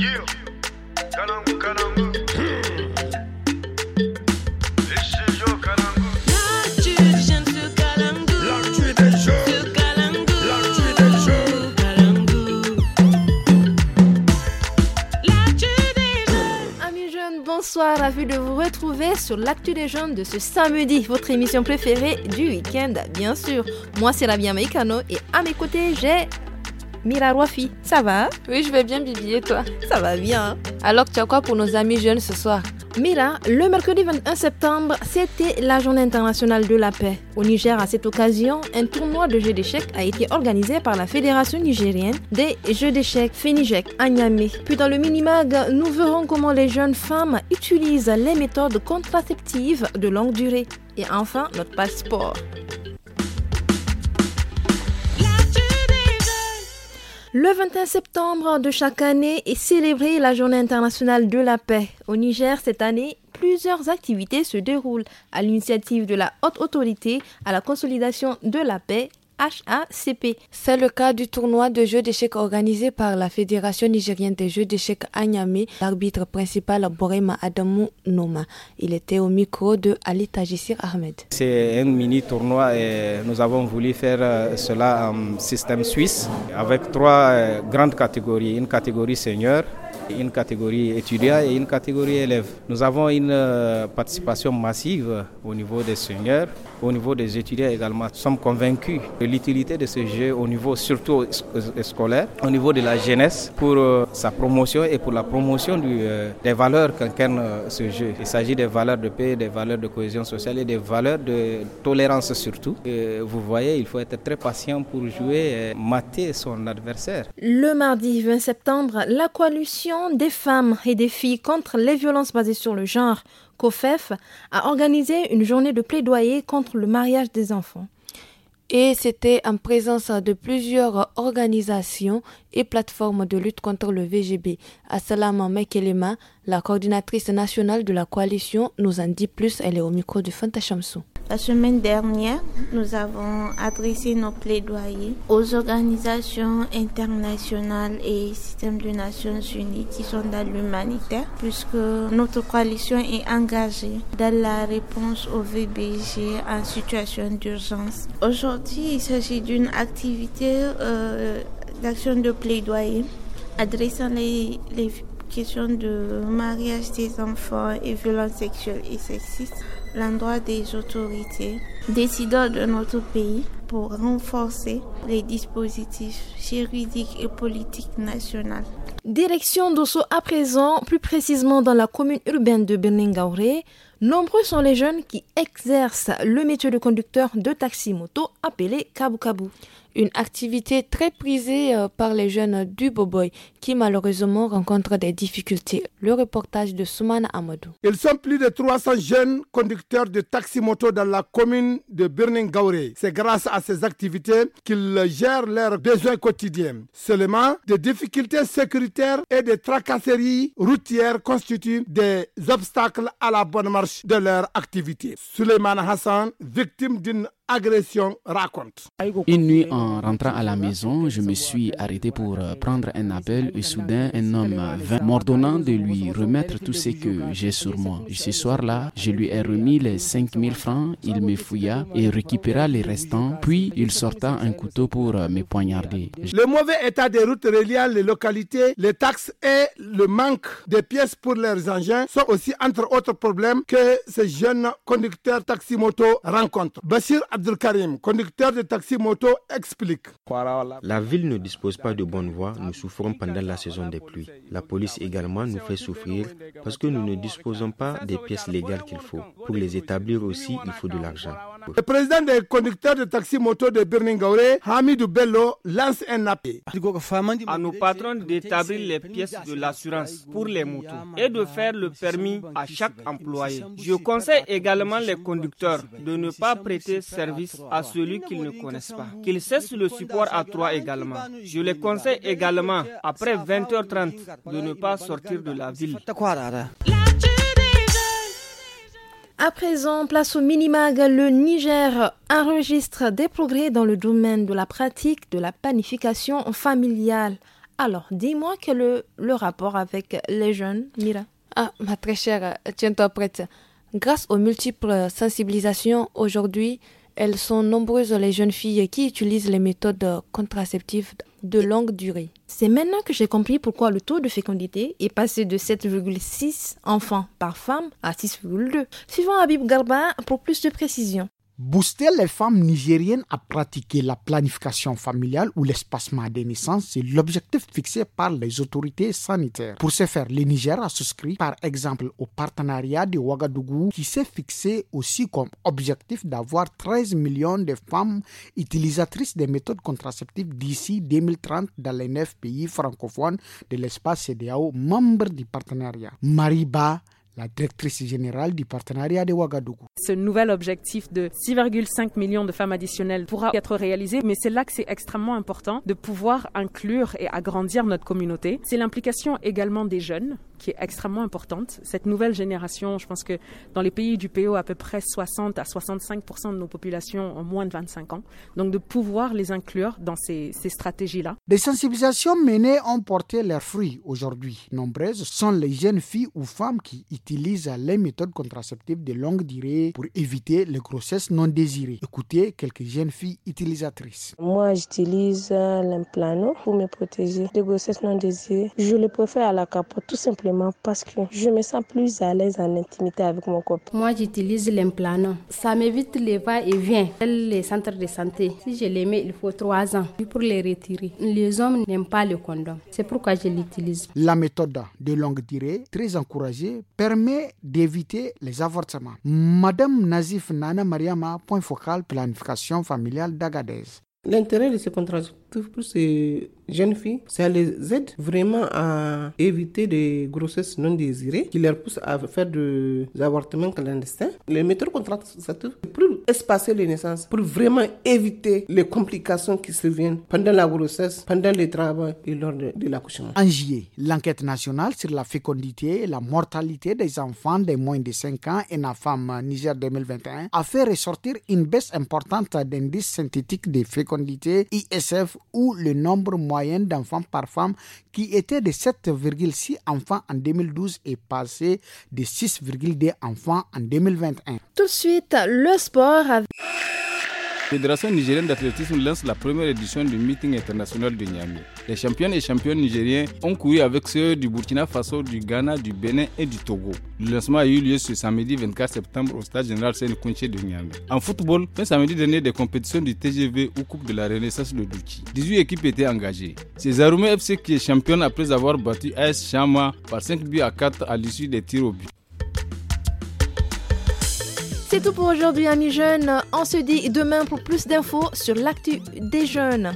jeunes, Amis bonsoir, ravi de vous retrouver sur l'actu des jeunes de ce samedi, votre émission préférée du week-end, bien sûr. Moi, c'est Rabia Meikano et à mes côtés, j'ai Mira Rouafi, ça va Oui, je vais bien, Bibi, toi Ça va bien. Alors, tu as quoi pour nos amis jeunes ce soir Mira, le mercredi 21 septembre, c'était la journée internationale de la paix. Au Niger, à cette occasion, un tournoi de jeux d'échecs a été organisé par la Fédération nigérienne des jeux d'échecs Fénijec à Niamey. Puis dans le mini-mag, nous verrons comment les jeunes femmes utilisent les méthodes contraceptives de longue durée. Et enfin, notre passeport. Le 21 septembre de chaque année est célébrée la Journée internationale de la paix. Au Niger, cette année, plusieurs activités se déroulent à l'initiative de la haute autorité à la consolidation de la paix, HACP. C'est le cas du tournoi de jeux d'échecs organisé par la Fédération nigérienne des jeux d'échecs à l'arbitre principal Borema Adamu Noma. Il était au micro de Ali Tajissir Ahmed. C'est un mini tournoi et nous avons voulu faire euh, cela en système suisse avec trois euh, grandes catégories. Une catégorie senior, une catégorie étudiants et une catégorie élèves. Nous avons une euh, participation massive au niveau des seniors, au niveau des étudiants également. Nous sommes convaincus de l'utilité de ce jeu au niveau surtout euh, scolaire, au niveau de la jeunesse pour euh, sa promotion et pour la promotion des valeurs qu'incarne ce jeu. Il s'agit des valeurs de paix, des valeurs de cohésion sociale et des valeurs de tolérance surtout. vous voyez, il faut être très patient pour jouer et mater son adversaire. Le mardi 20 septembre, la coalition des femmes et des filles contre les violences basées sur le genre, COFEF, a organisé une journée de plaidoyer contre le mariage des enfants. Et c'était en présence de plusieurs organisations et plateformes de lutte contre le VGB. Assalamu Mekelema, la coordinatrice nationale de la coalition, nous en dit plus. Elle est au micro du Fanta Chamsou. La semaine dernière, nous avons adressé nos plaidoyers aux organisations internationales et systèmes des Nations Unies qui sont dans l'humanitaire, puisque notre coalition est engagée dans la réponse au VBG en situation d'urgence. Aujourd'hui, il s'agit d'une activité euh, d'action de plaidoyer adressant les, les questions de mariage des enfants et violences sexuelles et sexistes l'endroit des autorités, décideurs de notre pays, pour renforcer les dispositifs juridiques et politiques nationaux. Direction d'Osso à présent, plus précisément dans la commune urbaine de Berningauré, nombreux sont les jeunes qui exercent le métier de conducteur de taxi-moto appelé Kabu » une activité très prisée euh, par les jeunes du Boboy qui malheureusement rencontrent des difficultés. Le reportage de Soumana Amadou. Ils sont plus de 300 jeunes conducteurs de taxi-moto dans la commune de Burning Gauré. C'est grâce à ces activités qu'ils gèrent leurs besoins quotidiens. Seulement, des difficultés sécuritaires et des tracasseries routières constituent des obstacles à la bonne marche de leur activité. Suleiman Hassan, victime d'une agression raconte. Une nuit en rentrant à la maison, je me suis arrêté pour prendre un appel et soudain un homme vint m'ordonnant de lui remettre tout ce que j'ai sur moi. Ce soir-là, je lui ai remis les 5000 francs, il me fouilla et récupéra les restants, puis il sorta un couteau pour me poignarder. Le mauvais état des routes reliant les localités, les taxes et le manque de pièces pour leurs engins sont aussi entre autres problèmes que ces jeunes conducteurs taxi-moto rencontrent. Karim, conducteur de taxi moto, explique. La ville ne dispose pas de bonnes voies. Nous souffrons pendant la saison des pluies. La police également nous fait souffrir parce que nous ne disposons pas des pièces légales qu'il faut. Pour les établir aussi, il faut de l'argent. Le président des conducteurs de taxi moto de Birmingham, Hamidou Bello, lance un appel à nos patrons d'établir les pièces de l'assurance pour les motos et de faire le permis à chaque employé. Je conseille également les conducteurs de ne pas prêter service à celui qu'ils ne connaissent pas, qu'ils cessent le support à trois également. Je les conseille également, après 20h30, de ne pas sortir de la ville. À présent, place au Minimag. Le Niger enregistre des progrès dans le domaine de la pratique de la panification familiale. Alors, dis-moi quel est le rapport avec les jeunes, Mira. Ah, ma très chère, tiens-toi prête. Grâce aux multiples sensibilisations aujourd'hui, elles sont nombreuses les jeunes filles qui utilisent les méthodes contraceptives de longue durée. C'est maintenant que j'ai compris pourquoi le taux de fécondité est passé de 7,6 enfants par femme à 6,2. suivant Habib Garba pour plus de précision. Booster les femmes nigériennes à pratiquer la planification familiale ou l'espacement des naissances, c'est l'objectif fixé par les autorités sanitaires. Pour ce faire, le Niger a souscrit par exemple au partenariat de Ouagadougou qui s'est fixé aussi comme objectif d'avoir 13 millions de femmes utilisatrices des méthodes contraceptives d'ici 2030 dans les 9 pays francophones de l'espace CDAO membres du partenariat. Mariba la directrice générale du partenariat de Ouagadougou. Ce nouvel objectif de 6,5 millions de femmes additionnelles pourra être réalisé, mais c'est là que c'est extrêmement important de pouvoir inclure et agrandir notre communauté. C'est l'implication également des jeunes qui est extrêmement importante. Cette nouvelle génération, je pense que dans les pays du PO, à peu près 60 à 65 de nos populations ont moins de 25 ans. Donc de pouvoir les inclure dans ces, stratégies-là. Des sensibilisations menées ont porté leurs fruits aujourd'hui. Nombreuses sont les jeunes filles ou femmes qui utilise les méthodes contraceptives de longue durée pour éviter les grossesses non désirées. Écoutez quelques jeunes filles utilisatrices. Moi, j'utilise euh, l'implano pour me protéger des grossesses non désirées. Je le préfère à la capote tout simplement parce que je me sens plus à l'aise en intimité avec mon corps. Moi, j'utilise l'implano. Ça m'évite les va-et-vient les centres de santé. Si je les mets, il faut trois ans pour les retirer. Les hommes n'aiment pas le condom. C'est pourquoi je l'utilise. La méthode de longue durée, très encouragée, permet d'éviter les avortements. Madame Nazif Nana Mariama, point focal planification familiale d'Agadez. L'intérêt de ce contrat pour ces jeunes filles, ça les aide vraiment à éviter des grossesses non désirées qui leur poussent à faire des avortements clandestins. Les méthodes contraceptives, pour espacer les naissances, pour vraiment éviter les complications qui se viennent pendant la grossesse, pendant les travaux et lors de, l'accouchement. En juillet, l'enquête nationale sur la fécondité et la mortalité des enfants des moins de 5 ans et la femme Niger 2021 a fait ressortir une baisse importante d'indices synthétiques de fécondité ISF où le nombre moyen d'enfants par femme, qui était de 7,6 enfants en 2012, est passé de 6,2 enfants en 2021. Tout de suite, le sport. a... Fédération nigérienne d'athlétisme lance la première édition du meeting international de Niamey. Les champions et champions nigériens ont couru avec ceux du Burkina Faso, du Ghana, du Bénin et du Togo. Le lancement a eu lieu ce samedi 24 septembre au stade général Seine-Kunche de Niamey. En football, le samedi dernier des compétitions du TGV ou Coupe de la Renaissance de Douchi. 18 équipes étaient engagées. C'est Zarumé FC qui est championne après avoir battu AS Chama par 5 buts à 4 à l'issue des tirs au but. C'est tout pour aujourd'hui, amis jeunes. On se dit demain pour plus d'infos sur l'actu des jeunes.